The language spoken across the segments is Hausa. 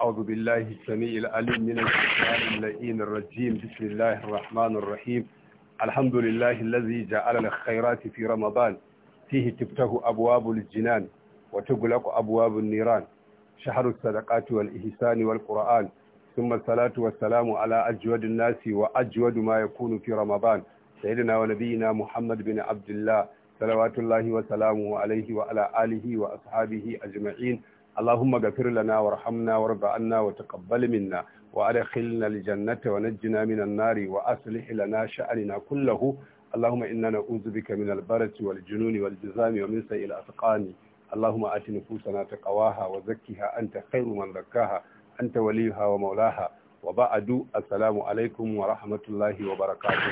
أعوذ بالله السميع العليم من الشيطان اللئيم الرجيم بسم الله الرحمن الرحيم الحمد لله الذي جعل الخيرات في رمضان فيه تفتح أبواب الجنان وتغلق أبواب النيران شهر الصدقات والإحسان والقرآن ثم الصلاة والسلام على أجود الناس وأجود ما يكون في رمضان سيدنا ونبينا محمد بن عبد الله صلوات الله وسلامه عليه وعلى آله وأصحابه أجمعين اللهم اغفر لنا وارحمنا وارض عنا وتقبل منا وادخلنا الجنة ونجنا من النار وأصلح لنا شأننا كله اللهم إنا نعوذ بك من البرد والجنون والجزام ومن سيء الأسقان اللهم آت نفوسنا تقواها وزكها أنت خير من زكاها أنت وليها ومولاها وبعد السلام عليكم ورحمة الله وبركاته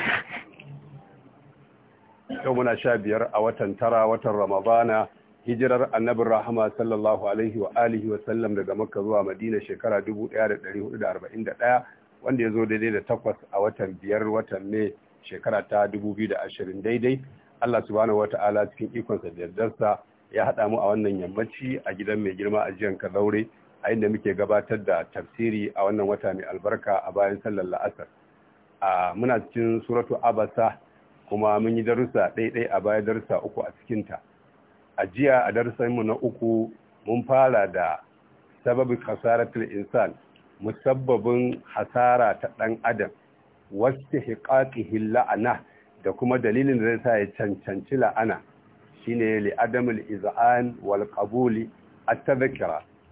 يومنا شابير أوتن ترى وتن رمضان hijirar Annabi rahama sallallahu alaihi wa alihi wa sallam daga makka zuwa madina shekara 1441 wanda ya zo daidai da takwas a watan biyar watan mai shekara ta 2020 daidai Allah subhanahu wa ta'ala cikin ikonsa da yardarsa ya haɗa mu a wannan yammaci a gidan mai girma a jiyan kazaure a inda muke gabatar da tafsiri a wannan wata mai albarka a bayan sallar la'asar a muna cikin suratu abasa kuma mun yi darussa ɗaiɗai a baya darussa uku a cikinta a jiya a darasinmu na uku mun fara da sababin hasaratul insan musabbabin hasara ta ɗan adam wasu la'ana da kuma dalilin da zai sa ya cancanci la'ana shine li adamul iz'an wal qabuli at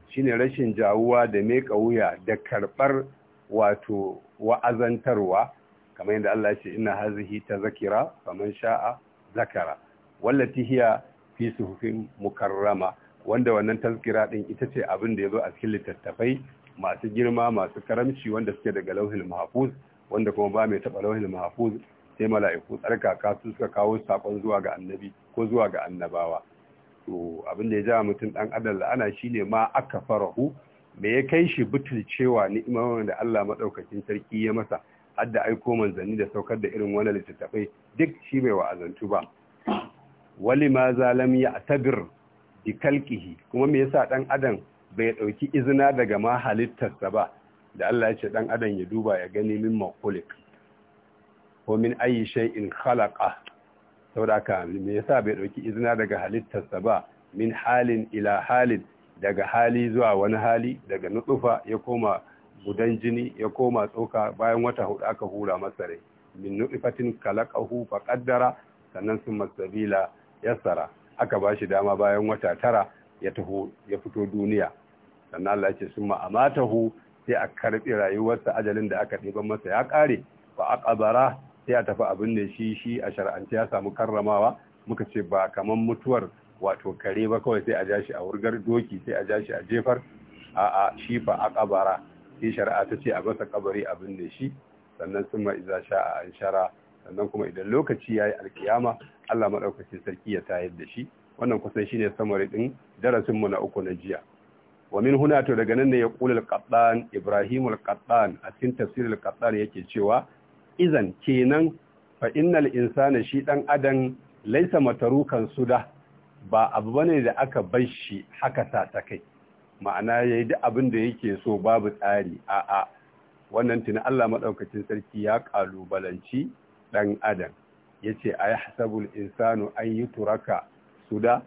shine rashin jawuwa da me wuya da karɓar wato wa'azantarwa kamar yadda Allah ya ce inna hazihi tazkira faman sha'a zakara wallati hiya fi suhufin mukarrama wanda wannan tazkira din ita ce abin da ya zo a cikin littattafai masu girma masu karamci wanda suke daga lauhin mahfuz wanda kuma ba mai taba lauhin mahfuz sai mala'iku tsarkaka su suka kawo sakon zuwa ga annabi ko zuwa ga annabawa to abin da ya ja mutum dan adam la'ana shine ma aka farahu me ya kai shi butulcewa ni'imar da Allah madaukakin sarki ya masa hadda aiko manzanni da saukar da irin wannan littattafai duk shi bai wa'azantu ba wali ma zalam ya tabir bi kalkihi kuma me yasa dan adam bai dauki izina daga ma halittarsa ba da Allah ya ce dan adam ya duba ya gani min makulik ko min ayi shay'in khalaqa saboda ka me yasa bai dauki izina daga halittarsa ba min halin ila halin daga hali zuwa wani hali daga nutsufa ya koma gudan jini ya koma tsoka bayan wata hudu aka hura masa rai min nutfatin kalaqahu fa qaddara sannan sun masabila yassara aka ba shi dama bayan wata tara ya taho ya fito duniya sannan Allah yake ce amatahu sai a karbi rayuwarsa ajalin da aka ɗiban masa ya ƙare ba a sai a tafi abin da shi shi a shar'ance ya samu karramawa muka ce ba kaman mutuwar wato kare ba kawai sai a ja shi a wurgar doki sai a ja shi a jefar a a shi fa a sai shari'a ta ce a masa kabari abin da shi sannan sun maiza iza sha a an shara sannan kuma idan lokaci ya yi alkiyama Allah maɗaukacin sarki ya tayar da shi wannan kusan shine samari ɗin mu na uku na jiya wa min huna to daga nan ne ya kula al ibrahim a cikin tafsir al yake cewa izan kenan fa innal insana shi dan adam laisa matarukan suda ba abu bane da aka bar shi haka ta ta kai ma'ana yayi duk abin da yake so babu tsari a a wannan tuni Allah madaukakin sarki ya kalubalanci ɗan adam ya ce a yi hasabul insanu an yi turaka suda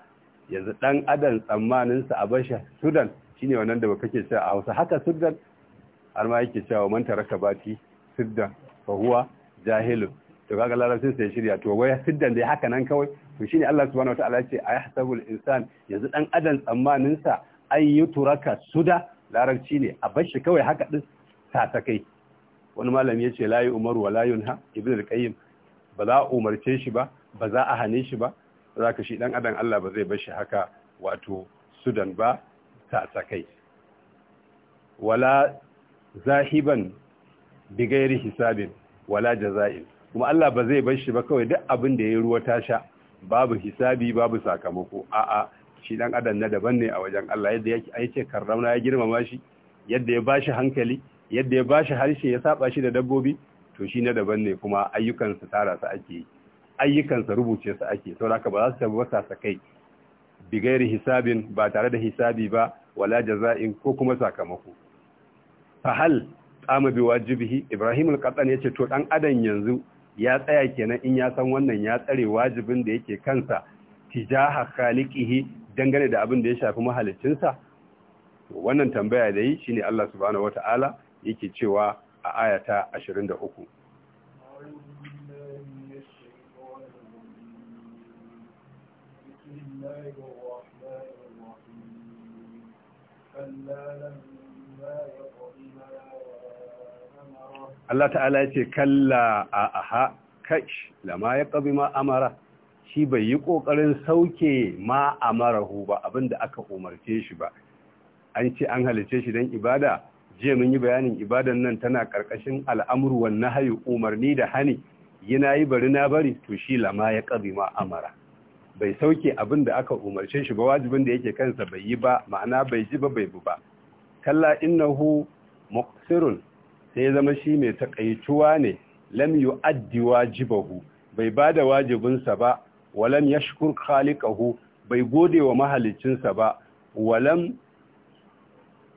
yanzu ɗan adam tsammaninsa a bashi sudan shine wannan da kake cewa a hausa haka sudan har ma yake cewa man taraka bati sudan fa huwa jahilu to kaga larabcin sai shirya to wai sudan dai haka nan kawai to shine Allah subhanahu wataala ya ce a yi hasabul insan yanzu ɗan adam tsammaninsa an yi turaka suda larabci ne a bashi kawai haka din sa ta kai wani malami ya ce layi umaru wa layun ha ibn al-qayyim ba za a umarce shi ba ba za a hane shi ba za ka shi dan adam Allah ba zai bar shi haka wato sudan ba ta sakai wala zahiban bigairi hisabin wala jaza'in kuma Allah ba zai bar shi ba kawai duk abin da ya ruwa ta sha babu hisabi babu sakamako a'a shi dan adam na daban ne a wajen Allah yadda ya ce karrama ya girmama shi yadda ya bashi hankali yadda ya ba shi harshe ya saba shi da dabbobi to shi na daban ne kuma ayyukansa tara su ake yi ayyukansa rubuce su ake to haka ba za su tabbata sa sakai Bigayar hisabin ba tare da hisabi ba wala jaza'in ko kuma sakamako fahal qama bi wajibihi ibrahim al ya ce to dan adam yanzu ya tsaya kenan in ya san wannan ya tsare wajibin da yake kansa tijaha khaliqihi dangane da abin da ya shafi mahalicinsa wannan tambaya da yi shine Allah subhanahu wataala yake cewa a ayata 23 Allah ta'ala ya ce kalla a aha kash lama ya ƙabi ma amara shi bai yi ƙoƙarin sauke ma marahu ba abinda aka umarce shi ba an ce an halice shi don ibada jiya mun yi bayanin ibadan nan tana karkashin al’amuru wan nahyu umarni da hani yana yi bari na bari to shi lama ya qadi ma amara bai sauke abin da aka umarce shi ba wajibin da yake kansa bai yi ba ma'ana bai ji ba bai bu ba kalla innahu muqsirun sai zama shi mai takaituwa ne lam yu'addi wajibahu bai bada wajibinsa ba walam yashkur khaliqahu bai gode wa sa ba walam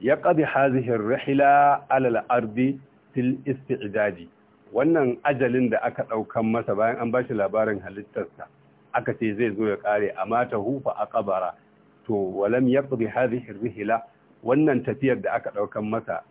ya qadi hazihi rihla alal ardi fil isti'dadi wannan ajalin da aka daukan masa bayan an bashi labarin halittarsa aka ce zai zo ya kare amma ta hufa ƙabara to walam yaqdi hadhihi rihla wannan tafiyar da aka daukan masa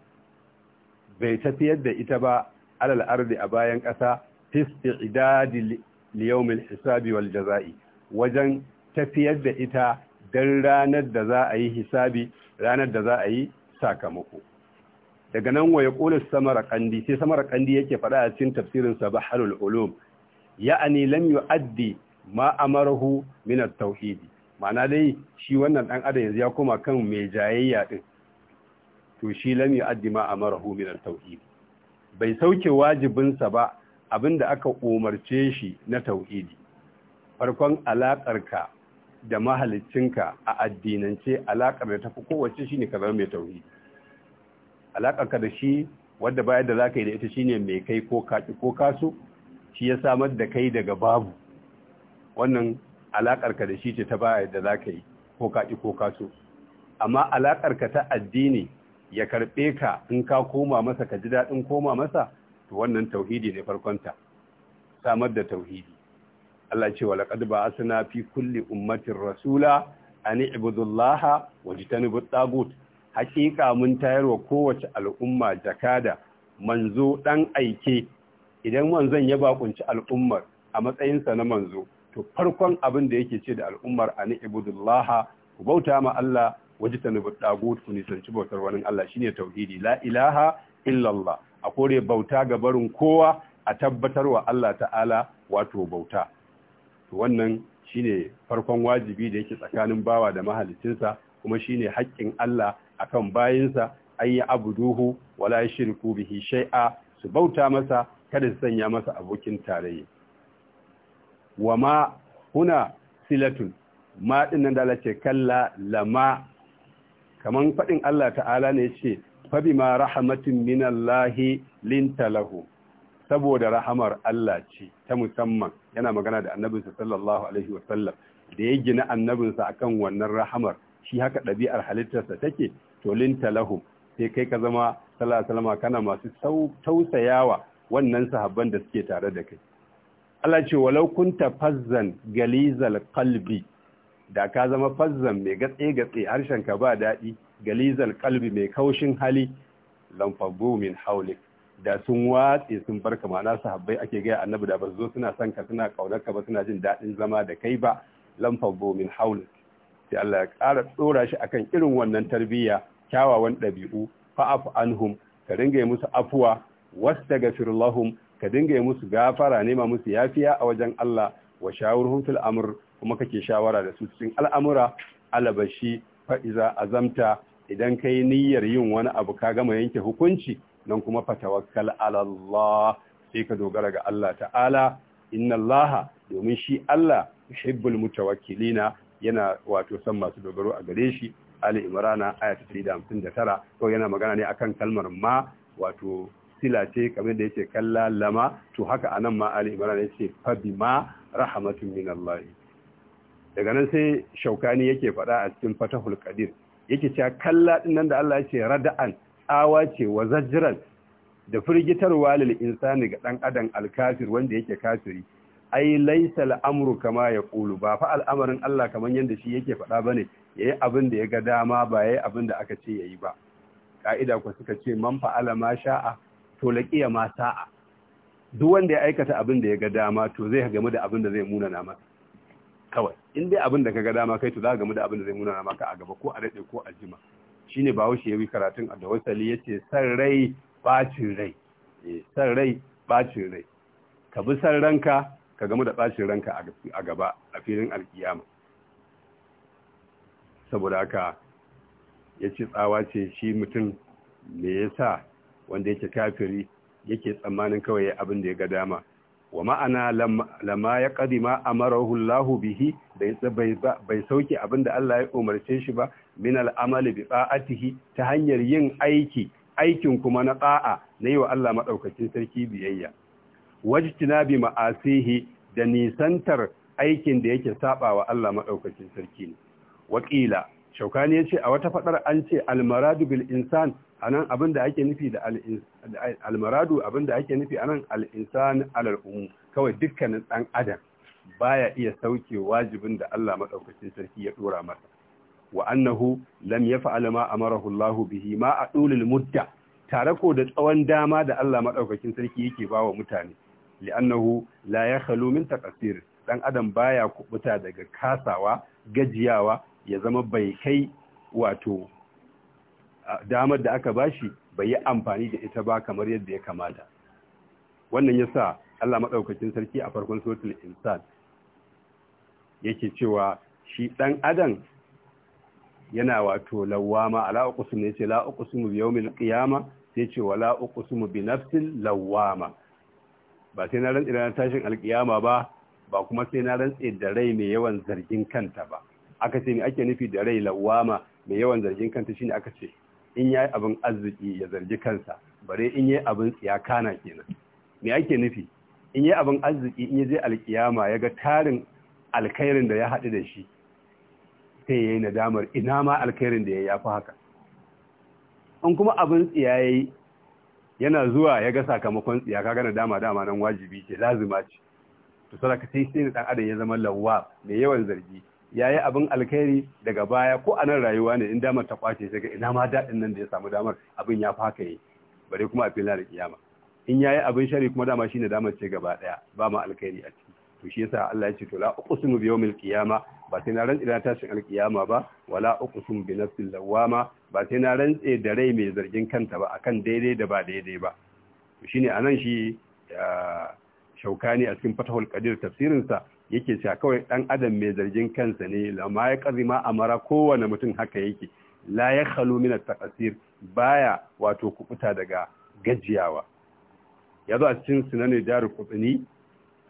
bai tafiyar da ita ba alal ardi a bayan ƙasa isti'dadi liyawmil hisabi wal jazai wajen tafiyar da ita dan ranar da za a yi hisabi ranar da za a yi sakamako daga nan waya yaqulu samara qandi sai samara qandi yake faɗa a cikin tafsirin sa baharul ulum ya'ani lam yu'addi ma amarahu min at-tauhid ma'ana dai shi wannan dan adam yanzu ya koma kan me jayayya din to shi lam yu'addi ma amarahu min at-tauhid bai sauke wajibin sa ba abinda aka umarce shi na tauhidi farkon alakar ka da mahalicinka a addinance alaƙa da tafi kowace ne ka zama mai tauhi. alaƙar da shi wadda bayar da zaka yi da ita shine mai kai ko kaƙi ko kasu shi ya samar da kai daga babu wannan alaƙarka da shi ce ta bayar da zaka yi ko kaƙi ko kasu amma alaƙarka ta addini ya karɓe ka in ka koma masa ka ji daɗin koma masa to wannan tauhidi ne farkonta samar da tauhidi Allah ce wala ba'athna fi kulli ummatin rasula an i'budu waje wa jitanibu tagut hakika mun tayarwa kowace al'umma jakada manzo dan aike idan manzon ya bakunci al'ummar a matsayinsa na manzo to farkon abin da yake ce da al'ummar an i'budu Allah ku bauta ma Allah waje ta nubu ku nisanci bautar wani Allah shine tauhidi la ilaha illallah a kore bauta ga barin kowa a tabbatar wa Allah ta'ala wato bauta to wannan shine farkon wajibi da yake tsakanin bawa da mahalicinsa kuma shine haƙƙin Allah akan bayinsa an yi abuduhu wala shirku bihi shay'a su bauta masa kada su sanya masa abokin tarayya wama huna silatun ma nan da Allah ce kalla lama kaman fadin Allah ta'ala ne yace fa ma rahmatin minallahi lintalahu saboda rahamar Allah ce ta musamman yana magana da annabinsa sallallahu alaihi wasallam da ya gina annabinsa akan wannan rahamar shi haka ɗabi'ar halittarsa take tolin talahu sai kai ka zama sallallahu kana masu tausayawa wannan sahabban da suke tare da kai Allah ce walau kunta fazzan galizal kalbi da ka zama fazzan mai gatse gatse harshen ka ba daɗi galizal kalbi mai kaushin hali lamfabu min haulik da sun watse sun bar ka ma'ana sahabbai ake gaya annabi da ba su zo suna son ka suna kaunar ka ba suna jin daɗin zama da kai ba lamfa min haul sai Allah ya ƙara tsora shi akan irin wannan tarbiyya kyawawan ɗabi'u fa'af anhum ka dinga musu afuwa wastaghfir lahum ka dinga musu gafara nema musu yafiya a wajen Allah wa shawurhum fil amr kuma kake shawara da su cikin al'amura alabashi fa'iza, azamta idan kai niyyar yin wani abu ka gama yanke hukunci nan kuma fatawakkal ala sai ka dogara ga Allah ta'ala inna Allah domin shi Allah yuhibbul mutawakkilina yana wato san masu dogaro a gare shi Ali Imrana aya ta 159 to yana magana ne akan kalmar ma wato sila ce kamar da yake kalla lama to haka anan ma Ali Imrana yace fa bima rahmatun min Allah daga nan sai Shaukani yake faɗa a cikin Fatahul Qadir yake cewa kalla din nan da Allah yace rada'an tsawa ce wa zajran da firgitarwa lil insani ga dan adam alkafir wanda yake kafiri ai laisa amru kama ya ƙulu ba fa al'amarin Allah kamar yadda shi yake faɗa ba ne ya yi abin da ya ga dama ba ya yi abin da aka ce ya yi ba ƙa'ida ku suka ce man fa'ala ma sha'a to laƙiya ma sa'a duk wanda ya aikata abin da ya ga dama to zai gamu da abin da zai munana masa kawai in dai abin da ka ga dama kai to za ka gamu da abin da zai munana maka a gaba ko a daɗe ko a jima shine ba ya yi karatun a da wasali ce, san rai bacin rai eh, san rai bacin rai ka bi san ranka ka gamu da bacin ranka a gaba a filin alkiyama saboda haka yace tsawa ce shi mutum me yasa wanda yake kafiri yake tsammanin kawai abin da ya ga dama wa ma'ana lama ya kadima amarahu Allahu bihi bai sauke abin da Allah ya umarce shi ba min al'amali bi ta'atihi ta hanyar yin aiki aikin kuma na ƙa’a na yi wa Allah maɗaukacin sarki biyayya wajtina bi ma'asihi da nisantar aikin da yake saɓa wa Allah maɗaukacin sarki ne wakila shaukani ce, a wata faɗar an ce al maradu bil insan abin da ake nufi da al almaradu abinda ake nufi anan al'insan alal umu kawai dukkanin ɗan adam baya iya sauke wajibin da Allah maɗaukacin sarki ya ɗora masa wa annahu lam fa’ala ma marahun Lahu, bihi ma a ɗulil mudda tare ko da tsawon dama da Allah maɗaukacin sarki yake ba wa mutane li'annahu la yakhlu min adam baya kubuta daga kasawa gajiyawa ya zama bai kai wato damar da aka bashi bai yi amfani da ita ba kamar yadda ya kamata wannan ya sa Allah maɗaukacin sarki a farkon sotun insan yake cewa shi ɗan adam yana wato lawama ala ne yace la mu bi mil ƙiyama sai ce wala mu bi nafsin lawama ba sai na rantsi da tashin alkiyama ba ba kuma sai na rantsi da rai mai yawan zargin kanta ba aka ce me ake nufi da rai lawama mai yawan zargin kanta shine aka ce in yi abin arziki ya zargi kansa bare in yi abin tsiya kana kenan me ake nufi in yayi abin arziki in yaje alkiyama ya ga tarin alkairin da ya haɗu da shi sai yayi nadamar ina ma alkhairin da ya yafi haka in kuma abin tsiya yi, yana zuwa ya ga sakamakon tsiya kaga na dama dama nan wajibi ce lazima ce to sai sai dan adam ya zama lawwa mai yawan zargi yayi abin alkhairi daga baya ko a nan rayuwa ne in damar ta kwace sai ga ina ma daɗin nan da ya samu damar abin ya faka yi bare kuma a filin da kiyama in ya yi abin shari kuma dama shine damar ce gaba daya ba ma alkhairi a ciki to shi yasa Allah ya ce to la uqsimu bi yawmil qiyama ba sai na rantse da tashin alkiyama ba wala uqsimu bi nafsil lawama ba sai na rantse da rai mai zargin kanta ba akan daidai da ba daidai ba to shine anan shi ah, shaukani a cikin fatahul qadir tafsirin sa yake cewa kawai ɗan adam mai zargin kansa ne lama ya kazima amara kowane mutum haka yake la ya khalu min at-taqsir baya wato kubuta daga gajiyawa yazo a cikin sinanin jaru qutni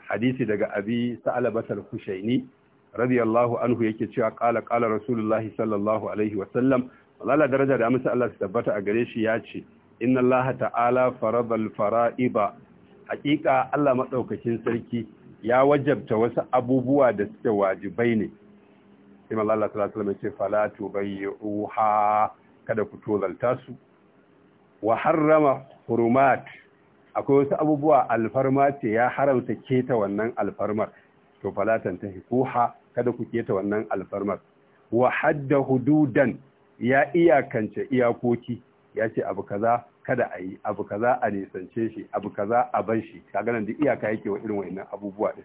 hadisi daga abi sa'alabat al-khushaini radiyallahu anhu yake cewa qala qala rasulullahi sallallahu alaihi wa sallam wala daraja da amsa Allah su tabbata a gare shi ya ce inna Allah ta'ala faradal fara'iba haƙiƙa Allah madaukakin sarki ya wajabta wasu abubuwa da suke wajibai ne sai Allah sallallahu alaihi ce fala tubayyi'uha kada ku tozalta su wa harrama hurumat akwai wasu abubuwa alfarma ce ya haramta keta wannan alfarmar to fala tantahikuha kada ku keta wannan alfarmar wa hadda hududan ya iyakance iyakoki ya ce abu kaza kada a yi abu kaza a nisance shi abu kaza a ban shi kaga nan duk iyaka yake wa irin wayannan abubuwa din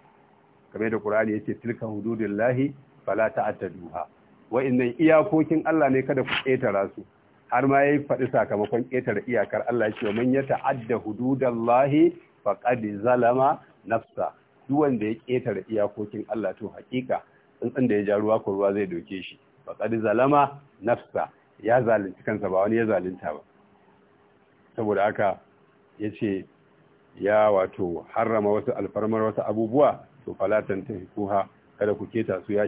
kamar da Qur'ani yace tilka hududillahi fala ta'taduha wa'annan iyakokin Allah ne kada ku ƙetara su har ma yayi faɗi sakamakon ƙetara iyakar Allah ya ce man ya ta'adda hududallahi faqad zalama nafsa duk wanda ya ƙetara iyakokin Allah to hakika tsuntsun da ya ja ruwa ko ruwa zai doke shi faqad zalama nafsa ya zalunci kansa ba wani ya zalunta ba saboda aka ya ce ya wato harrama wasu alfarmar wasu abubuwa to falatan ta kuha kada ku keta su ya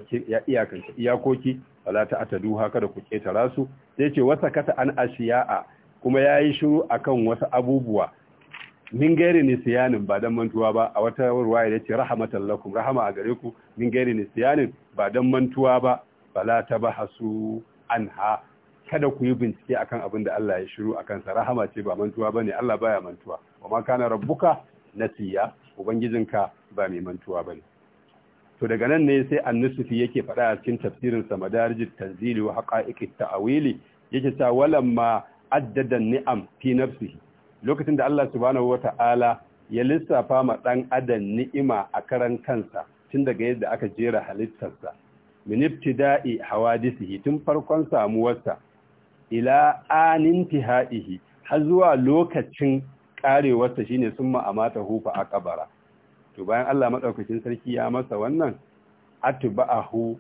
iyakanta iyakoki falata duha kada ku ketara su sai ce wasa kata an ashiya'a kuma ya yi shiru akan wasu abubuwa min gairi nisiyanin ba don mantuwa ba a wata ruwaya ya ce rahamatan lakum rahama a gare ku min gairi nisiyanin ba don mantuwa ba fala an ha. kada ku yi bincike akan abin da Allah ya shiru akan sa rahama ce ba mantuwa bane Allah baya mantuwa wa ma kana rabbuka nasiya ubangijinka ba mai mantuwa bane to daga nan ne sai annasufi yake faɗa a cikin tafsirin sa madarijit tanzili wa haqa'iqit ta'wili yake ta walamma addada ni'am fi nafsihi lokacin da Allah subhanahu wata'ala ya lissafa ma dan adan ni'ima a karan kansa tun daga yadda aka jera halittarsa min ibtida'i hawadisihi tun farkon samuwarsa ila anin tihaihi har zuwa lokacin karewarsa shine sun amata hufa kabara to bayan Allah madaukakin sarki ya masa wannan atba'ahu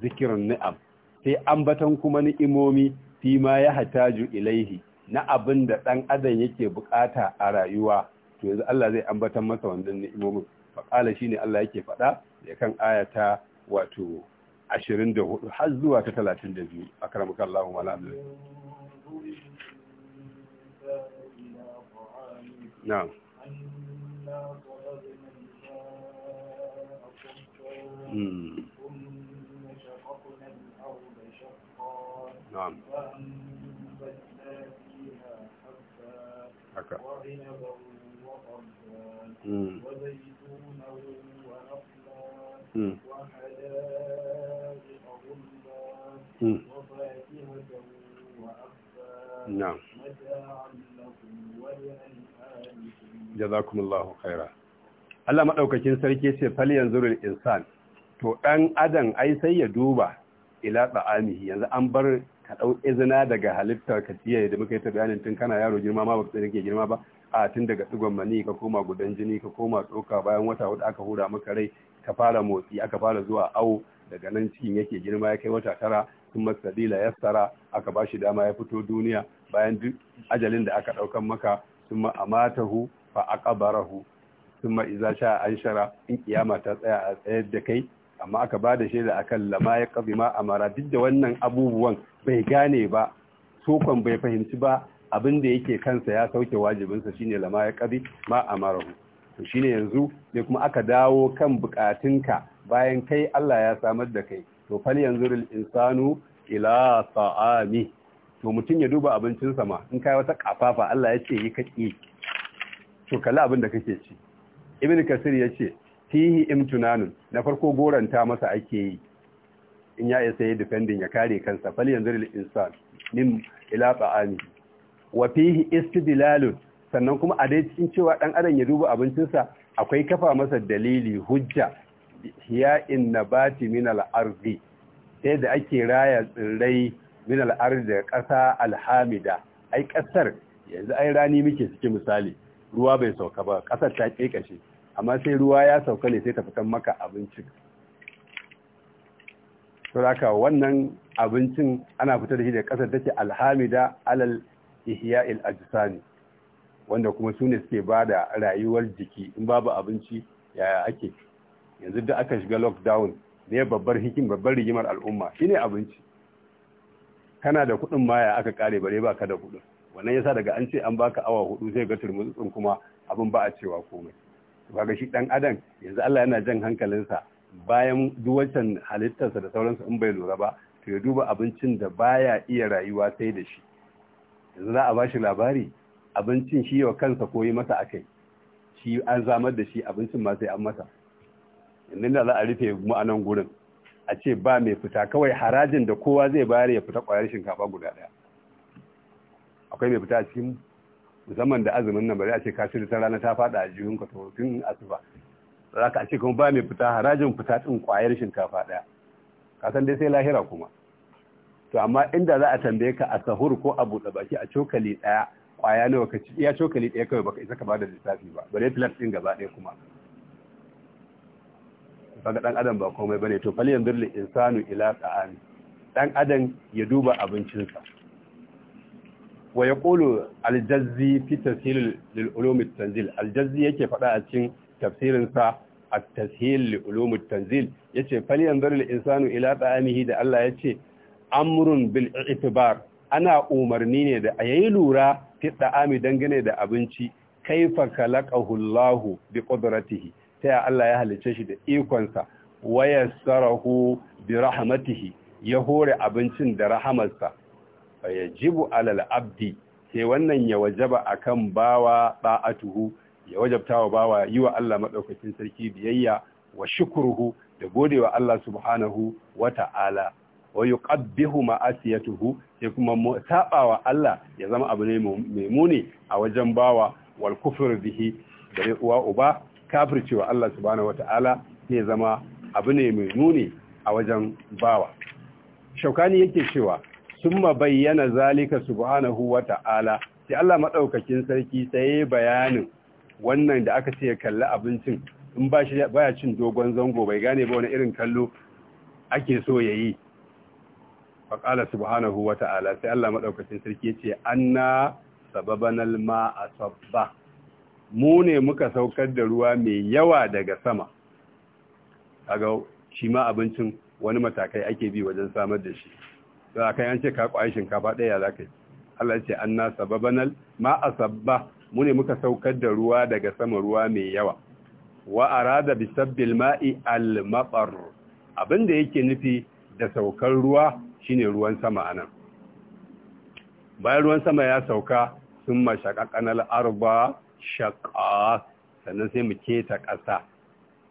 zikrun ni'am sai ambatan kuma ni'imomi fi ma ya hataju ilaihi na abin da ɗan adam yake bukata a rayuwa to yanzu Allah zai ambatan masa wannan ni'imomin faƙala shine Allah yake faɗa da kan ayata wato ashirin da hudu har zuwa ta talatin da biyu a karamakar Allahun wala'adu. Na. Mm. Hmm. na'am jazakumullahu khaira Allah madaukakin sarki ce fal yanzurul insan to ɗan adam ai sai ya duba ila ta'amihi yanzu an bar ka dau izina daga halittar ka tiyaye da muka yi ta bayanin tun kana yaro girma ma baka ke girma ba a tun daga tsugon mani ka koma gudan jini ka koma tsoka bayan wata hudu aka hura maka rai ka fara motsi aka fara zuwa awo daga nan cikin yake girma ya kai wata tara kuma sabila tsara aka bashi dama ya fito duniya bayan duk ajalin da aka ɗaukan maka kuma amatahu fa aqbarahu ma iza sha anshara in kiyama ta tsaya a tsayar da kai amma aka ba da shaida akan lama ya kabi ma amara duk da wannan abubuwan bai gane ba sokon bai fahimci ba abin da yake kansa ya sauke wajibinsa shine lama ya kabi ma amara to shine yanzu ne kuma aka dawo kan bukatunka bayan kai Allah ya samar da kai to fal yanzurul insanu ila sa'ami to mutum ya duba abincin sama in kai wata kafafa Allah ya ce yi kaki to kala abin da kake ci ibnu kasir ya ce fihi imtunanun na farko goranta masa ake yi in ya isa yi defending ya kare kansa fal yanzurul insan min ila sa'ami wa fihi istidlalun sannan kuma a dai cikin cewa dan adam ya duba abincinsa akwai kafa masa dalili hujja hiya'in nabati min al-ardi sai da ake raya tsirrai min al-ardi da ƙasa alhamida ai ƙasar yanzu ai rani muke ciki misali ruwa bai sauka ba ƙasar ta kekashe amma sai ruwa ya sauka ne sai ta fitan maka abincin saboda wannan abincin ana fitar da shi da ƙasar take alhamida alal ihya'il ajsani wanda kuma sune suke ba da rayuwar jiki in babu abinci yaya ake yanzu da aka shiga lockdown da ya babbar hikim babbar rigimar al'umma shine abinci kana da kuɗin maya aka kare bare ba ka da kuɗin wannan yasa daga an ce an baka awa hudu sai ga turmutsun kuma abin ba a cewa komai kaga shi dan adam yanzu Allah yana jan hankalinsa bayan duwacan halittarsa da sauransu in bai lura ba to ya duba abincin da baya iya rayuwa sai da shi yanzu za a bashi labari abincin shi wa kansa koyi yi masa akai shi an zamar da shi abincin ma sai an masa nan da za a rufe mu a nan gurin a ce ba mai fita kawai harajin da kowa zai bayar ya fita kwayar shinkafa guda daya akwai mai fita a cikin musamman da azumin nan bari a ce kashi ta rana ta fada a jihun ka to tun asuba za ka ce kuma ba mai fita harajin fita din kwayar shinkafa daya ka san dai sai lahira kuma to amma inda za a tambaye ka a sahur ko a buɗe baki a cokali daya kwaya nawa ka ci iya cokali daya kawai baka isa ka bada lissafi ba bare filas din gaba daya kuma Baga dan adam ba komai bane to fal yanzur lil insanu ila ta'ami dan adam ya duba abincinsa wa yaqulu al-jazzi fi tafsir lil tanzil al-jazzi yake fada a cikin tafsirin sa at-tashil li ulum at-tanzil yace fal yanzur lil insanu ila ta'amihi da Allah yace amrun bil i'tibar ana umarni ne da ayi lura fi ta'ami dangane da abinci kaifa khalaqahu Allah bi qudratihi ta Allah ya halice shi da ikonsa waya sarahu bi rahmatihi ya hore abincin da rahamarsa yajibu alal abdi sai wannan ya wajaba akan bawa ba'atuhu ya wajabtawa bawa yi wa Allah madaukakin sarki biyayya wa shukruhu da godewa Allah subhanahu wa ta'ala wa yuqabbihu ma'asiyatuhu sai kuma sabawa Allah ya zama abu ne mai muni a wajen bawa wal kufr bihi da uwa uba kafircewa Allah subhanahu wata'ala ne zama abu ne mai nuni a wajen bawa shaukani yake cewa summa bayyana zalika subhanahu wata'ala sai Allah maɗaukakin sarki sai bayanin wannan da aka ce ya kalli abincin in ba shi baya cin dogon zango bai gane ba wani irin kallo ake so ya yayi faƙala subhanahu wata'ala sai Allah maɗaukakin sarki ce yace anna sababanal a sabba mu ne muka saukar da ruwa mai yawa daga sama kaga shi ma abincin wani matakai ake bi wajen samar da shi don aka an ka kwaye shinkafa ɗaya za ka yi Allah ce an nasa sababanal ma a sabba mu ne muka saukar da ruwa daga sama ruwa mai yawa wa arada bi ma'i al matar abin da yake nufi da saukar ruwa shine ruwan sama anan bayan ruwan sama ya sauka sun mashaqaqanal arba shaƙa sannan sai mu keta ƙasa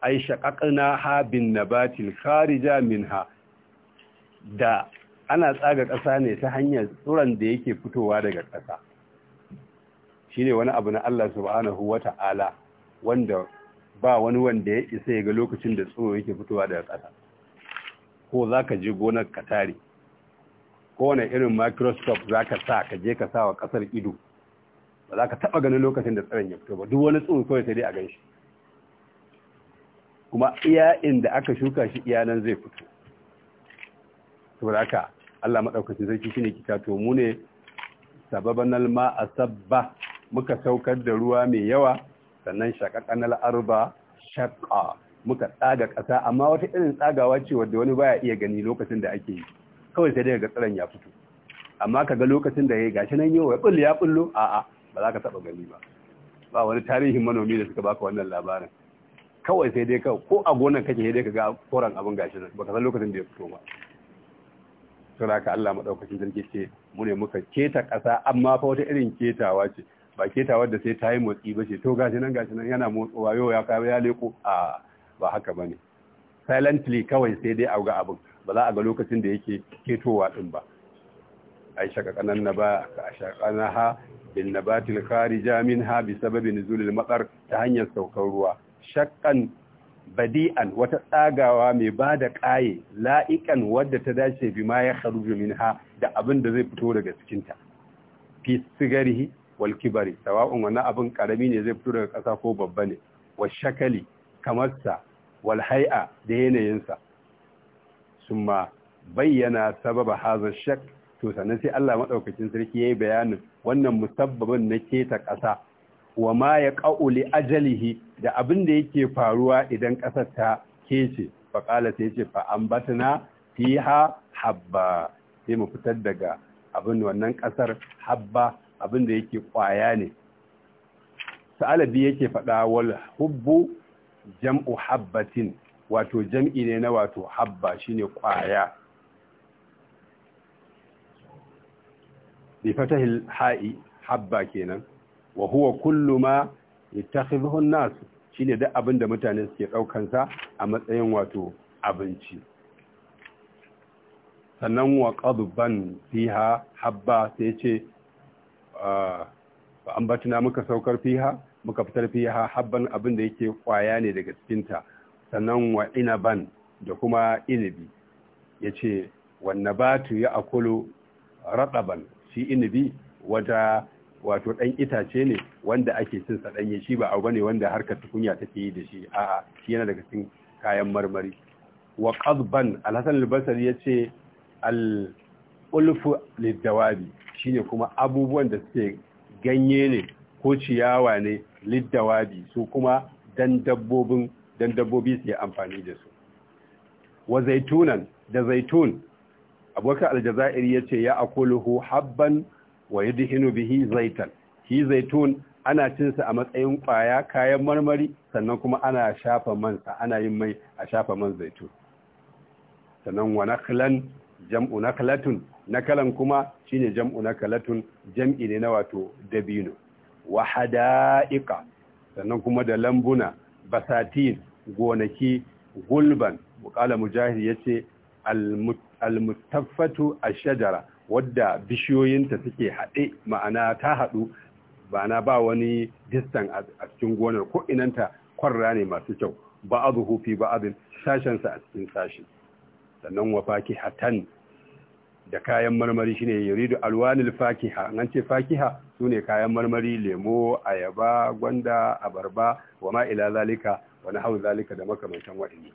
ai shaƙaƙna ha bin nabatil kharija minha da ana tsaga ƙasa ne ta hanyar tsuran da yake fitowa daga ƙasa shine wani abu na Allah subhanahu wata'ala wanda ba wani wanda ya isa ya ga lokacin da tsuro yake fitowa daga ƙasa ko za ka je gonar ka tare ko wani irin microscope zaka sa ka je ka sa wa ƙasar ido ba za ka taba ganin lokacin da tsaron ya fito ba duk wani tsoro kawai sai dai a gan shi kuma iya inda aka shuka shi nan zai fito saboda haka Allah maɗaukacin sarki ne kita to mu ne sababan alma asabba muka saukar da ruwa mai yawa sannan shaqaqan al-arba shaqqa muka tsaga ƙasa amma wata irin tsagawa ce wadda wani baya iya gani lokacin da ake yi kawai sai dai ga tsaron ya fito amma ga lokacin da yayi gashi nan yau ya bullo ya bullo a'a ba za ka taɓa gani ba ba wani tarihin manomi da suka baka wannan labarin kawai sai dai ka ko a gonan kake sai dai ka ga koran abin gashi nan baka san lokacin da ya fito ba saboda ka Allah madaukakin sarki ce mu ne muka keta ƙasa amma fa wata irin ketawa ce ba ketawa da sai ta yi motsi ba ce to gashi nan gashi nan yana motsowa yau ya kawo ya leko a ba haka bane silently kawai sai dai a ga abin ba za a ga lokacin da yake ketowa din ba ay shaqaqanan naba ka ashaqanaha bin nabatil kharija Ha, bi sababi Zulul, Matsar ta hanyar saukar ruwa Shakkan badi'an wata tsagawa mai ba da ƙaye la'ikan wadda ta dace bi ma ya kharuju da abin da zai fito daga cikinta fi sigarihi wal kibari sawa'un wannan abin karami ne zai fito daga ƙasa ko babba ne wa shakali kamarsa wal hai'a da yanayinsa summa bayyana sababa hazar shak to sannan sai Allah maɗaukacin sarki ya yi bayanin wannan musabbabin na keta ƙasa wa ma ya ƙa'uli ajalihi da abin da yake faruwa idan ƙasar ta kece faƙala sai ce fa ambatna fiha habba sai mu fitar daga abin wannan ƙasar habba abin da yake ƙwaya ne sa'alabi yake faɗa wal hubbu jam'u habbatin wato jam'i ne na wato habba shine ƙwaya bi fatahil ha'i habba kenan wa huwa kullu ma yattakhidhuhu shine duk abinda mutane suke ɗaukan sa a matsayin wato abinci sannan wa qadban fiha habba sai ce ba ambatina muka saukar fiha muka fitar fiha habban abinda da yake kwaya ne daga cikin ta sannan wa inaban da kuma inibi yace wan nabatu a akulu rataban shi inibi wata wato ɗan itace ne wanda ake cin sa ɗanye shi ba abu bane wanda harkar tukunya take yi da shi a shi yana daga cikin kayan marmari wa qadban al-hasan al-basri yace al-ulfu lidawabi shine kuma abubuwan da suke ganye ne ko ciyawa ne lidawabi su kuma dan dabbobin dan dabbobi su yi amfani da su wa zaitunan da zaitun abubakar Aljaza'ir ya ce ya akuluhu habban wa dihinu bihi zaitan shi zaitun ana cinsa a matsayin kwaya kayan marmari sannan kuma ana shafa man ana yin mai a shafa man zaitun sannan wa naklan jam'u naklatun nakalan kuma shine jam'u kalatun? jam'i ne na wato dabino wa hada'iqa sannan kuma da lambuna basatin gonaki gulban bukala mujahid yace al a shajara wadda bishiyoyinta suke haɗe ma'ana ta haɗu Ba na ba wani distan a cikin gonar ko inanta kwarra ne masu kyau ba abu hufi ba abin sashensa a cikin sashi sannan wa fakihatan da kayan marmari shine yuridu alwanil fakiha an ce fakiha sune kayan marmari lemo ayaba gwanda abarba wa ma ila zalika wa nahu zalika da makamantan waɗanne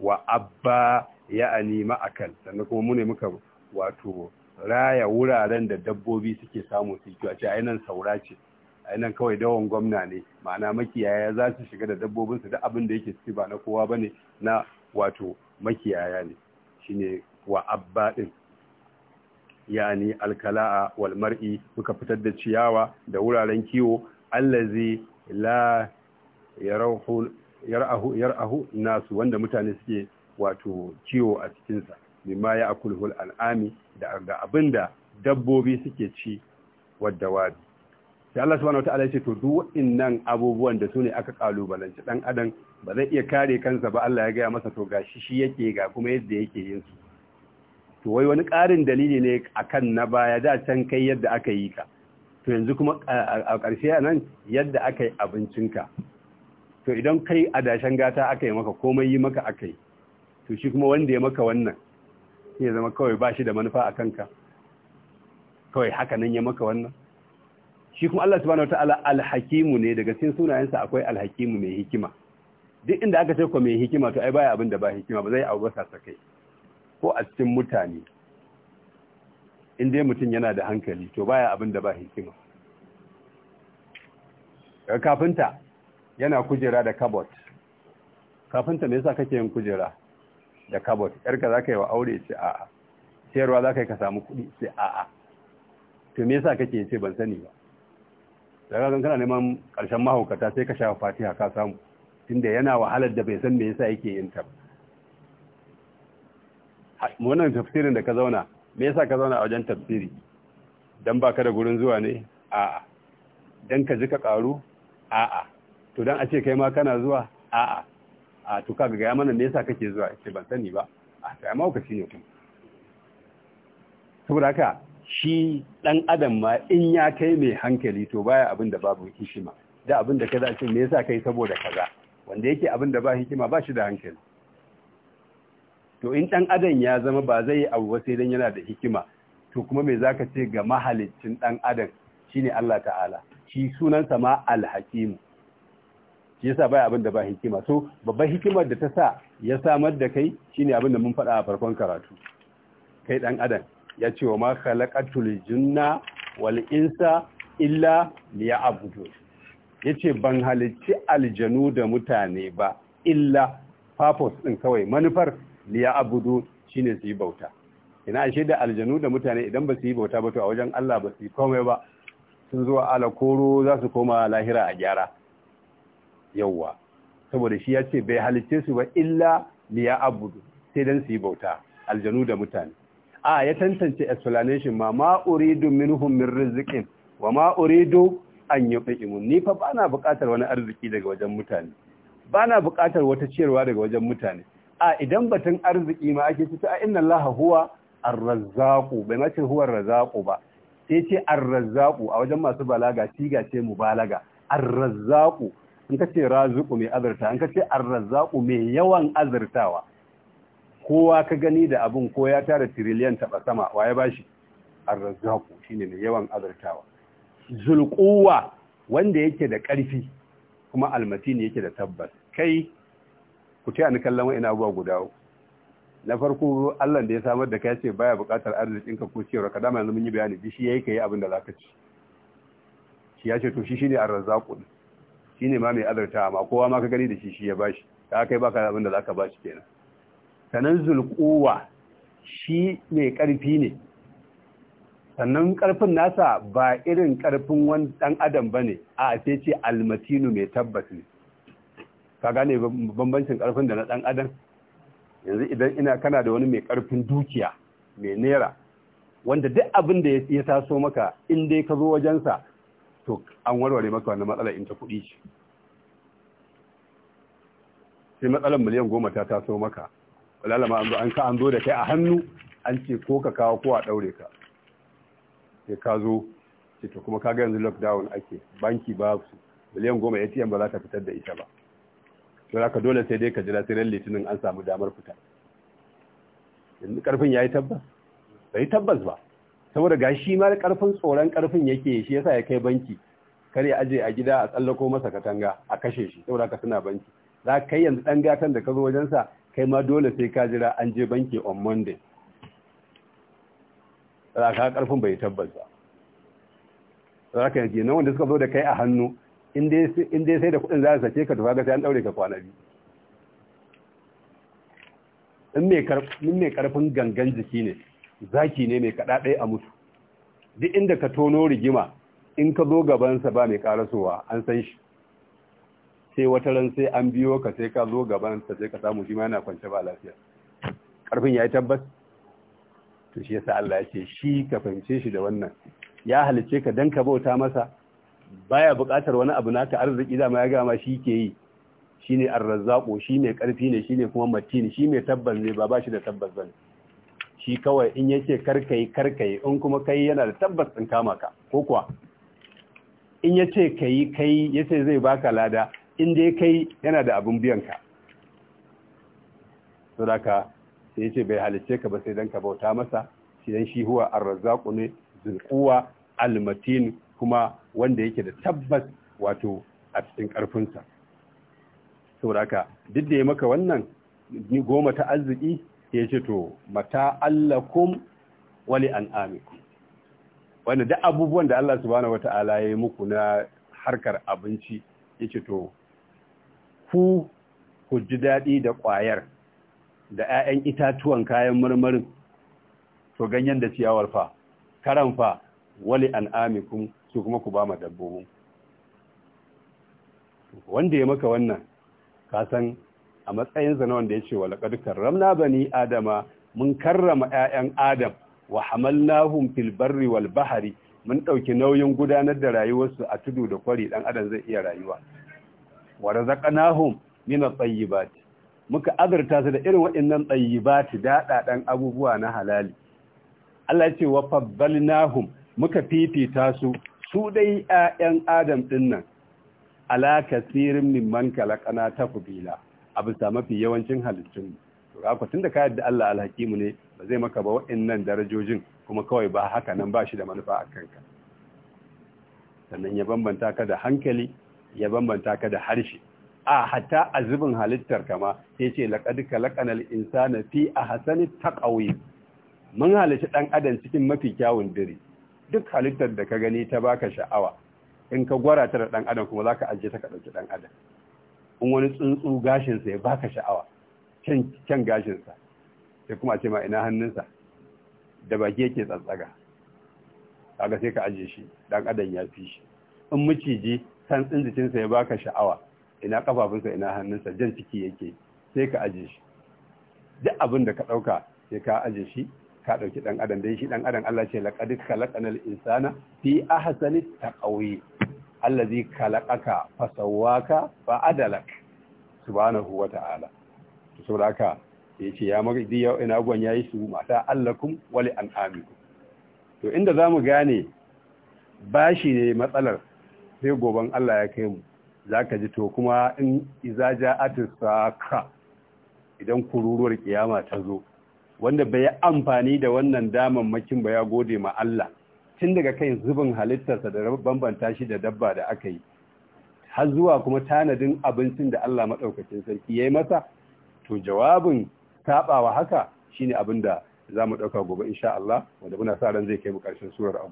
wa abba ya'ani ma'akal sannan kuma mu ne muka wato raya wuraren da dabbobi suke samu su yi ce ainihin saura ce ainihin kawai dawon gwamna ne ma'ana makiyaya za su shiga da dabbobin dabbobinsu da abin da yake ciki ba na kowa ba ne na wato makiyaya ne shine wa abba din yani alkala'a wal mar'i muka fitar da ciyawa da wuraren kiwo allazi la yarahu yar'ahu yar'ahu nasu wanda mutane suke wato ciwo a cikinsa mimma ya akulhul al'ami da ga abinda dabbobi suke ci wadda wabi sai Allah subhanahu wataala ya ce to duk waɗannan abubuwan da su ne aka kalubalanci dan adam ba zai iya kare kansa ba Allah ya gaya masa to ga shi yake ga kuma yadda yake yin su to wai wani ƙarin dalili ne akan na baya da can kai yadda aka yi ka to yanzu kuma a ƙarshe a nan yadda aka yi abincinka to idan kai a dashen gata aka yi maka komai yi maka aka yi to shi kuma wanda ya maka wannan ya zama kawai ba shi da manufa a kanka kawai haka nan ya maka wannan shi kuma Allah subhanahu wataala alhakimu ne daga cikin sunayensa akwai alhakimu mai hikima duk inda aka ce ko mai hikima to ai baya abin da ba hikima ba zai abu ba kai. ko a cikin mutane in dai mutum yana da hankali to baya abin da ba hikima kafinta yana kujera da kabot kafinta me yasa kake yin kujera da kabot yarka za ka yi wa aure ce a'a sayarwa za ka yi ka samu kuɗi ce a'a to me yasa kake ce ban sani ba daga zan kana neman ƙarshen mahaukata sai ka sha fatiha ka samu tunda yana wahalar da bai san me yasa yake yin ta wannan tafsirin da ka zauna me yasa ka zauna a wajen tafsiri dan baka da gurin zuwa ne a'a dan ka ji ka karu a'a to dan a ce kai ma kana zuwa a'a a to kaga ga mana me yasa kake zuwa ce ban sani ba a sai amma ka shine kuma saboda haka shi dan adam ma in ya kai mai hankali to baya abin da babu hikima da abin da kaza ce me yasa kai saboda kaza wanda yake abin da ba hikima ba shi da hankali to in dan adam ya zama ba zai abu ba sai dan yana da hikima to kuma me zaka ce ga mahaliccin dan adam shine Allah ta'ala shi sunansa ma al-hakimu shi yasa baya abin da ba hikima so babban hikimar da ta sa ya samar da kai shine abin da mun faɗa a farkon karatu kai dan adam ya ce wa ma khalaqatul jinna wal insa illa liya'budu yace ban halicci aljanu da mutane ba illa purpose din kawai manufar liya'budu shine su yi bauta ina ashe da aljanu da mutane idan ba su yi bauta ba to a wajen Allah ba su yi komai ba sun zo ala koro za su koma lahira a gyara yawwa saboda shi ya ce bai halicce su ba illa liya abudu sai dan su yi bauta aljanu da mutane a ya tantance explanation ma ma uridu minhum min rizqin wa ma uridu an yuqimun ni fa bana buƙatar wani arziki daga wajen mutane bana buƙatar wata ciyarwa daga wajen mutane a idan batun arziki ma ake ce a inna allaha huwa ar-razzaqu bai ma ce huwa ar ba sai ce ar a wajen masu balaga siga ce mubalaga ar in ka ce razuku mai azurta in ka ce arrazaku mai yawan azurtawa kowa ka gani da abin ko ya tara tiriliyan taba sama Wa ya bashi arrazaku shine mai yawan azurtawa zulquwa wanda yake da karfi kuma almatin yake da tabbas kai ku ce ni kallon wa'ina abuwa guda na farko Allah da ya samar da kai ce baya buƙatar arzikinka ko ciyarwa ka dama yanzu mun yi bayani bi shi yayi kai abin da zaka ci shi ya ce to shi shine arrazaku din Shi ne ma mai azarta amma kowa ma ka gani da shi shi ya bashi ta kai baka abin da ka bashi kenan sanan zulkuwa shi mai karfi ne sannan karfin nasa ba irin karfin wani dan adam ba ne. a sai ce almatinu mai tabbas ne ka gane bambancin karfin da na dan adam yanzu idan ina kana da wani mai karfin dukiya mai nera wanda duk abin da ya taso maka in dai ka zo wajensa to an warware maka wannan matsala in ta kuɗi ce sai matsalar miliyan goma ta taso maka walalama an zo an ka an zo da kai a hannu an ce ko ka kawo ko a ɗaure ka sai ka zo ce to kuma ka ga yanzu lockdown ake banki ba su miliyan goma atm ba za ka fitar da ita ba to haka dole sai dai ka jira sai ran litinin an samu damar fita yanzu karfin ya yi tabbas bai tabbas ba saboda ga shi ma karfin tsoron karfin yake shi yasa ya kai banki kar ya aje a gida a tsallako masa katanga a kashe shi saboda ka suna banki za ka kai yanzu dan gatan da ka zo wajen sa kai ma dole sai ka jira an je banki on monday za ka karfin bai tabbas ba za ka yanzu nan wanda suka zo da kai a hannu in dai sai da kudin za su sace ka tufa ga sai an daure ka kwana biyu in mai karfin gangan jiki ne zaki ne mai kaɗaɗai ɗaya a mutu duk inda ka tono rigima in ka zo gabansa ba mai karasowa an san shi sai wata ran sai an biyo ka sai ka zo gabansa sai ka samu shi ma yana kwance ba lafiya karfin ya yi tabbas to shi yasa Allah ya ce shi ka fahimce shi da wannan ya halice ka dan ka bauta masa baya buƙatar wani abu naka arziki da ma ya gama shi ke yi shine arrazzaqo shine karfi ne shine kuma matini shi mai tabbas ne ba ba shi da tabbas bane shi kawai in yace karkai karkai in kuma kai yana da tabbas din kama ka ko kuwa in yace kai kai yace zai baka lada in dai kai yana da abin biyan ka ka sai yace bai halice ka ba sai dan ka bauta masa shi dan shi huwa ar razzaq ne zulquwa al-matin kuma wanda yake da tabbas wato a cikin karfinsa saboda duk da ya maka wannan goma ta arziki ya ce to mata allakum wali an'amikum wanda da abubuwan da Allah subhanahu wata'ala ya yi muku na harkar abinci ya ce to ku ku ji daɗi da ƙwayar da 'ya'yan itatuwan kayan marmarin to ganyen da ciyawar fa karan fa wali an'amikum su kuma ku ba ma dabbobin wanda ya maka wannan ka san a matsayin zana wanda ya ce wa laqad karramna bani adama mun karrama 'ya'yan adam wa hamalnahum fil barri wal bahari mun ɗauki nauyin gudanar da rayuwarsu a tudu da kwari ɗan adam zai iya rayuwa wa razaqnahum min at-tayyibat muka azurta su da irin waɗannan tayyibat ɗan abubuwa na halali Allah ce wa faddalnahum muka fifita su su dai 'ya'yan adam ɗinnan ala kasirin mimman kalakana kubila a bisa mafi yawancin halittun to ka tun da ka yadda Allah alhakimu ne ba zai maka ba waɗannan darajojin kuma kawai ba haka nan ba shi da manufa a kanka sannan ya bambanta ka da hankali ya bambanta ka da harshe a hatta a zubin halittar kama sai ce laƙad laƙanar insana fi a hasani ƙauye. mun halitta ɗan adam cikin mafi kyawun dare duk halittar da ka gani ta baka sha'awa in ka gwara ta da ɗan adam kuma za ka ajiye ta ka ɗauki ɗan adam in wani tsuntsu gashinsa ya baka sha'awa can gashinsa sai kuma a ce ma ina hannunsa da baki yake tsatsaga kaga sai ka aje shi dan adam ya fi shi in miciji san tsin jikinsa ya baka sha'awa ina kafafunsa ina hannunsa jan ciki yake sai ka aje shi duk abin da ka dauka sai ka aje shi ka dauki dan adam dai shi dan adam Allah ce laqad khalaqnal insana fi ahsani taqwim allazi khalaqaka fasawwaka fa adalak subhanahu wata'ala to saboda haka yace ya maka ya ina gwan yayi su mata allakum wa li an'amikum to inda zamu gane bashi ne matsalar sai goban Allah ya kai mu zaka ji to kuma in iza ja'atis saka idan kururuwar kiyama ta zo wanda bai amfani da wannan daman makin ba ya gode ma Allah tun daga kan zubin halittarsa da bambanta shi da dabba da aka yi har zuwa kuma tanadin abincin da Allah maɗaukacin sarki ya yi masa to jawabin taɓawa haka shine abin da za mu ɗauka gobe insha Allah wanda muna sa ran zai kai mu ƙarshen surar a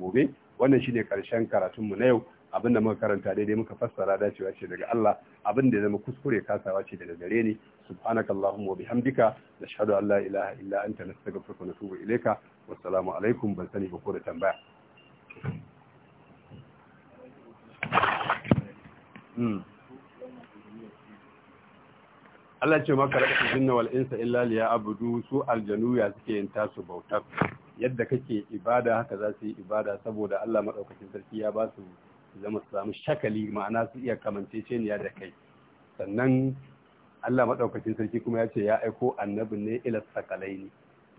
wannan shine ƙarshen karatunmu na yau abin da muka karanta daidai muka fassara dacewa ce daga Allah abin da zama kuskure kasawa ce daga gare ni subhanaka allahumma wa bihamdika nashhadu an la ilaha illa anta nastaghfiruka wa natubu ilayka alaikum ban sani ba ko da tambaya Hmm. Allah ce maka su jinna wal’insa insa illa abu abudu su aljanu ya suke yin tasu bautar yadda kake ibada haka za su yi ibada saboda Allah maɗaukacin sarki ya ba su zama su samu shakali ma'ana su iya kamanceceniya da kai sannan Allah maɗaukacin sarki kuma ya ce ya aiko annabin ne ila ne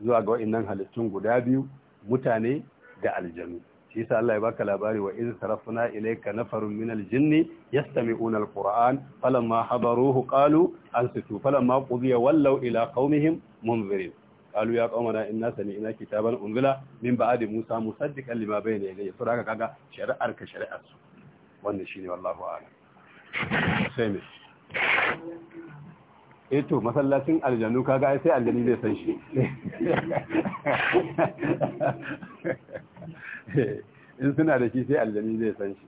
zuwa ga waɗannan halittun guda biyu mutane da aljanu shi yasa Allah ya baka labari wa iz sarafna ilayka nafarun min aljinn yastami'una alquran falamma habaruhu qalu ansitu falamma qudiya wallaw ila qaumihim munzirin qalu ya qaumana inna sami'na kitaban unzila min ba'di musa musaddiqan lima bayna yadayhi to haka kaga shari'ar ka shari'ar su wannan shine wallahu a'lam sai eh to masallacin aljanu kaga sai aljani zai san shi in suna da shi sai aljani zai san shi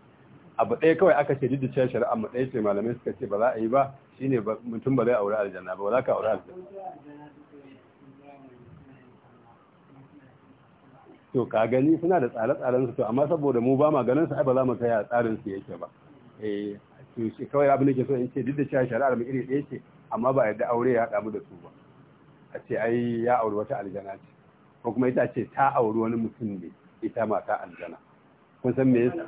abu ɗaya kawai aka ce duk da cewa shari'a mu ɗaya ce malamai suka ce ba za a yi ba shine mutum ba zai aure aljanna ba ba za ka aure aljanna to ka gani suna da tsare-tsaren su to amma saboda mu ba ma ganin su ai ba za mu kai a tsarin su yake ba eh to shi kawai abin da ke so in ce duk da cewa shari'a mu iri ɗaya ce amma ba yadda aure ya haɗa da su ba a ce ai ya auri wata aljana ce ko kuma ita ce ta auri wani mutum ne ita mata aljana kun san me yasa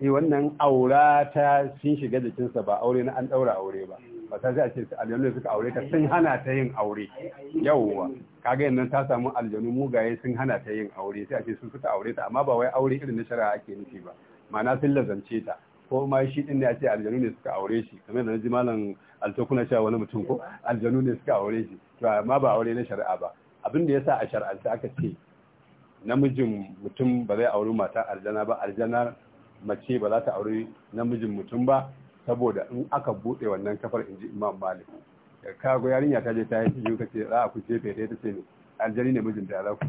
eh wannan aura ta sun shiga jikinsa ba aure na an daura aure ba ba ta sai a ce aljanu ne suka aure ta sun hana ta yin aure yawwa kaga yannan ta samu aljanu mugaye sun hana ta yin aure sai a ce sun suka aure ta amma ba wai aure irin na shari'a ake nufi ba ma'ana sun lazance ta ko ma shi din ne a ce aljanu ne suka aure shi kamar da ji malam na cewa wani mutum ko aljanu ne suka aure shi to amma ba aure na shari'a ba abin da yasa a shari'ance aka ce namijin mutum ba zai auri mata aljana ba aljana mace ba za ta auri namijin mutum ba saboda in aka bude wannan kafar inji imam malik ka ga yarinya ta je ta yi cikin kace za ku jefe ta ce ne aljani ne mijinta za ku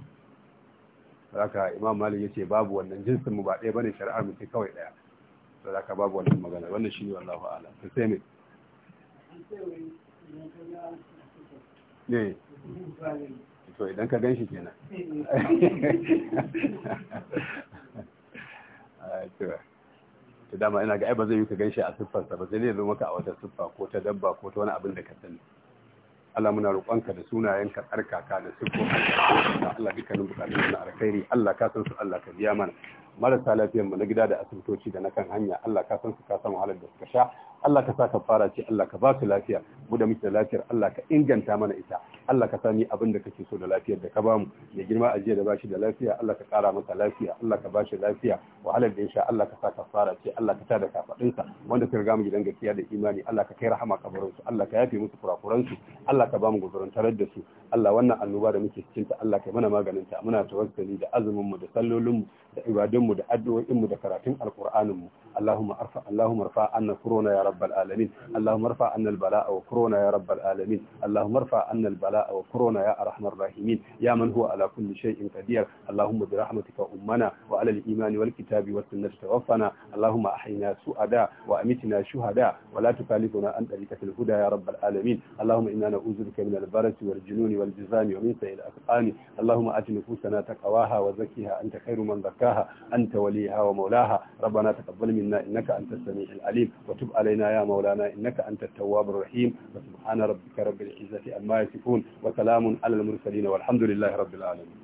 haka imam malik ya ce babu wannan jinsin mu ba ɗaya bane shari'ar mu ce kawai ɗaya saboda babu wannan magana wannan shi shine wallahu ala to sai ne to idan ka gan ganshi kenan ta dama ina ga aiba zai yi ka gan shi a siffarsa ba zai ne zo maka a wata siffa ko ta dabba ko ta wani abin da ka sani Allah muna roƙonka da sunayen ka tsarkaka da siffofinka Allah duka dukkanin bukatun na alkhairi Allah ka san su Allah ka biya mana marasa lafiyar mu na gida da asibitoci da na kan hanya Allah ka san su ka san wahalar da suka sha Allah ka sa fara ce Allah ka ba su lafiya mu da muke da lafiyar Allah ka inganta mana ita Allah ka sani abin da kake so da lafiyar da ka bamu ya girma ajiya da bashi da lafiya Allah ka kara masa lafiya Allah ka bashi lafiya wahalar da ya Allah ka sa fara ce Allah ka tada sa wanda ka riga mu gidan gaskiya da imani Allah ka kai rahama kabarin su Allah ka yafe musu kurakuran su Allah ka ba mu gudurin tarar da su Allah wannan annoba da muke cikin ta Allah ka mana maganin ta muna tawassali da azumin mu da sallolin mu da ibadunmu da addu'o'inmu da karatun alqur'aninmu اللهم ارفع اللهم ارفع عنا كورونا يا رب العالمين اللهم ارفع عنا البلاء وكورونا يا رب العالمين اللهم ارفع عنا البلاء وكورونا يا ارحم الراحمين يا من هو على كل شيء قدير اللهم برحمتك امنا وعلى الايمان والكتاب والسنه توفنا اللهم احينا سعداء وامتنا شهداء ولا تكلفنا عن طريقه الهدى يا رب العالمين اللهم انا نعوذ بك من البرد والجنون والجزام ومن سيء الاسقام اللهم ات نفوسنا تقواها وزكها انت خير من زكاها وزكاها أنت وليها ومولاها ربنا تقبل منا إنك أنت السميع العليم وتب علينا يا مولانا إنك أنت التواب الرحيم وسبحان ربك رب العزة عما يصفون وسلام على المرسلين والحمد لله رب العالمين